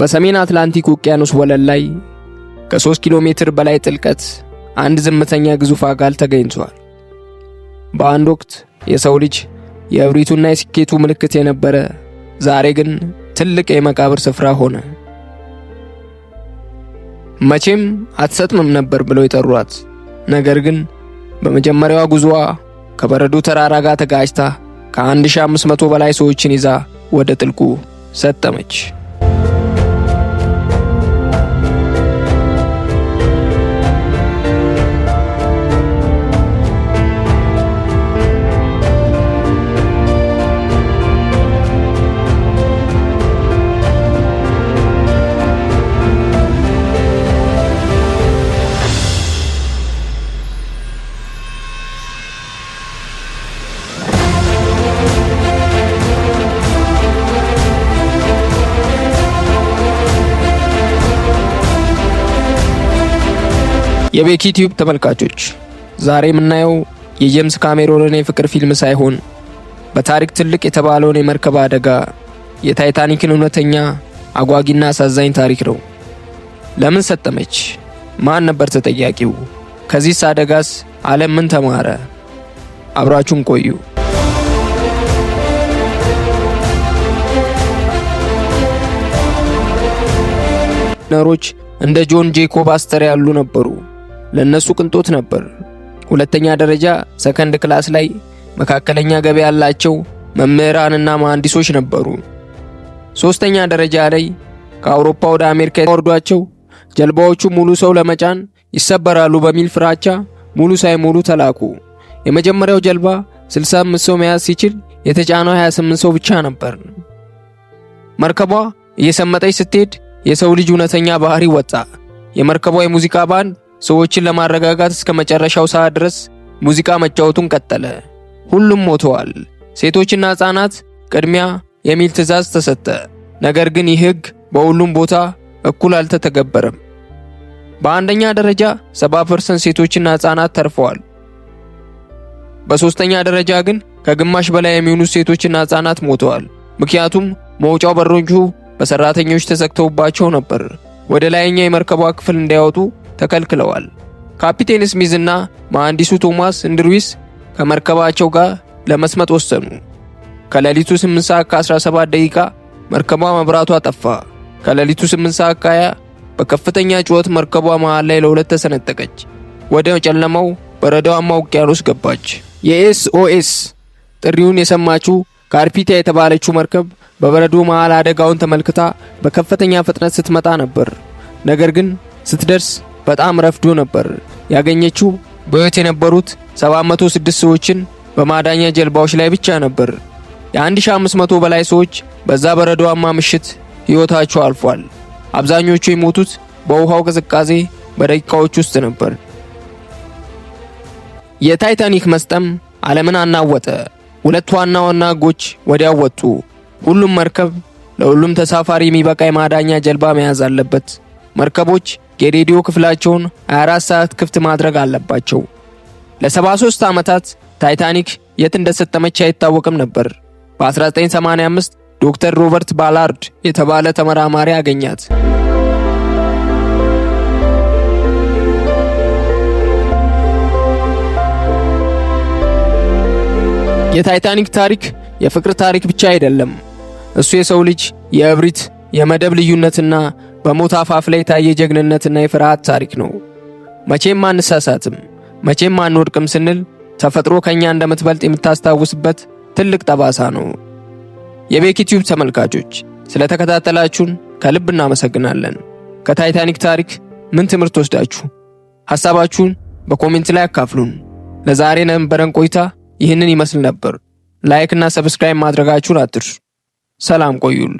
በሰሜን አትላንቲክ ውቅያኖስ ወለል ላይ ከ3 ኪሎ ሜትር በላይ ጥልቀት አንድ ዝምተኛ ግዙፍ አካል ተገኝቷል። በአንድ ወቅት የሰው ልጅ የእብሪቱና የስኬቱ ምልክት የነበረ ዛሬ ግን ትልቅ የመቃብር ስፍራ ሆነ። መቼም አትሰጥምም ነበር ብለው የጠሯት፣ ነገር ግን በመጀመሪያዋ ጉዞዋ ከበረዶ ተራራ ጋር ተጋጭታ ከ1500 በላይ ሰዎችን ይዛ ወደ ጥልቁ ሰጠመች። የቤኪ ቲዩብ ተመልካቾች ዛሬ የምናየው የጄምስ ካሜሮንን የፍቅር ፊልም ሳይሆን በታሪክ ትልቅ የተባለውን የመርከብ አደጋ የታይታኒክን እውነተኛ አጓጊና አሳዛኝ ታሪክ ነው። ለምን ሰጠመች? ማን ነበር ተጠያቂው? ከዚህስ አደጋስ ዓለም ምን ተማረ? አብራችሁን ቆዩ። ነሮች እንደ ጆን ጄኮብ አስተር ያሉ ነበሩ። ለእነሱ ቅንጦት ነበር። ሁለተኛ ደረጃ ሰከንድ ክላስ ላይ መካከለኛ ገቢ ያላቸው መምህራንና መሐንዲሶች ነበሩ። ሶስተኛ ደረጃ ላይ ከአውሮፓ ወደ አሜሪካ የተወርዷቸው ጀልባዎቹ ሙሉ ሰው ለመጫን ይሰበራሉ በሚል ፍራቻ ሙሉ ሳይሙሉ ተላኩ። የመጀመሪያው ጀልባ 65 ሰው መያዝ ሲችል የተጫነው 28 ሰው ብቻ ነበር። መርከቧ እየሰመጠች ስትሄድ የሰው ልጅ እውነተኛ ባህሪ ወጣ። የመርከቧ የሙዚቃ ባንድ ሰዎችን ለማረጋጋት እስከ መጨረሻው ሰዓት ድረስ ሙዚቃ መጫወቱን ቀጠለ። ሁሉም ሞተዋል። ሴቶችና ሕፃናት ቅድሚያ የሚል ትዕዛዝ ተሰጠ። ነገር ግን ይህ ሕግ በሁሉም ቦታ እኩል አልተተገበረም። በአንደኛ ደረጃ 70% ሴቶችና ሕፃናት ተርፈዋል። በሶስተኛ ደረጃ ግን ከግማሽ በላይ የሚሆኑ ሴቶችና ሕፃናት ሞተዋል፣ ምክንያቱም መውጫው በሮቹ በሰራተኞች ተዘግተውባቸው ነበር። ወደ ላይኛ የመርከቧ ክፍል እንዳይወጡ ተከልክለዋል። ካፒቴን ስሚዝ እና መሐንዲሱ ቶማስ እንድሩዊስ ከመርከባቸው ጋር ለመስመጥ ወሰኑ። ከሌሊቱ 8 ሰዓት ከ17 ደቂቃ መርከቧ መብራቷ ጠፋ። ከሌሊቱ 8 ሰዓት ከ20 በከፍተኛ ጩኸት መርከቧ መሃል ላይ ለሁለት ተሰነጠቀች። ወደ ጨለማው በረዷማ ውቅያኖስ ገባች። የኤስኦኤስ ጥሪውን የሰማችው ካርፒቲያ የተባለችው መርከብ በበረዶ መሃል አደጋውን ተመልክታ በከፍተኛ ፍጥነት ስትመጣ ነበር። ነገር ግን ስትደርስ በጣም ረፍዶ ነበር። ያገኘችው በሕይወት የነበሩት 706 ሰዎችን በማዳኛ ጀልባዎች ላይ ብቻ ነበር። የ1500 በላይ ሰዎች በዛ በረዶማ ምሽት ሕይወታቸው አልፏል። አብዛኞቹ የሞቱት በውሃው ቅዝቃዜ በደቂቃዎች ውስጥ ነበር። የታይታኒክ መስጠም ዓለምን አናወጠ። ሁለት ዋና ዋና ሕጎች ወዲያው ወጡ። ሁሉም መርከብ ለሁሉም ተሳፋሪ የሚበቃ የማዳኛ ጀልባ መያዝ አለበት። መርከቦች የሬዲዮ ክፍላቸውን 24 ሰዓት ክፍት ማድረግ አለባቸው። ለ73 ዓመታት ታይታኒክ የት እንደሰጠመች አይታወቅም ነበር። በ1985 ዶክተር ሮበርት ባላርድ የተባለ ተመራማሪ አገኛት። የታይታኒክ ታሪክ የፍቅር ታሪክ ብቻ አይደለም። እሱ የሰው ልጅ የእብሪት የመደብ ልዩነትና በሞት አፋፍ ላይ የታየ ጀግንነትና የፍርሃት ታሪክ ነው። መቼም አንሳሳትም፣ መቼም አንወድቅም ስንል ተፈጥሮ ከኛ እንደምትበልጥ የምታስታውስበት ትልቅ ጠባሳ ነው። የቤኪ ቲዩብ ተመልካቾች ስለተከታተላችሁን ከልብ እናመሰግናለን። ከታይታኒክ ታሪክ ምን ትምህርት ወስዳችሁ? ሐሳባችሁን በኮሜንት ላይ አካፍሉን። ለዛሬ ነበረን ቆይታ ይህንን ይመስል ነበር። ላይክ እና ሰብስክራይብ ማድረጋችሁን አትርሱ። ሰላም ቆዩል።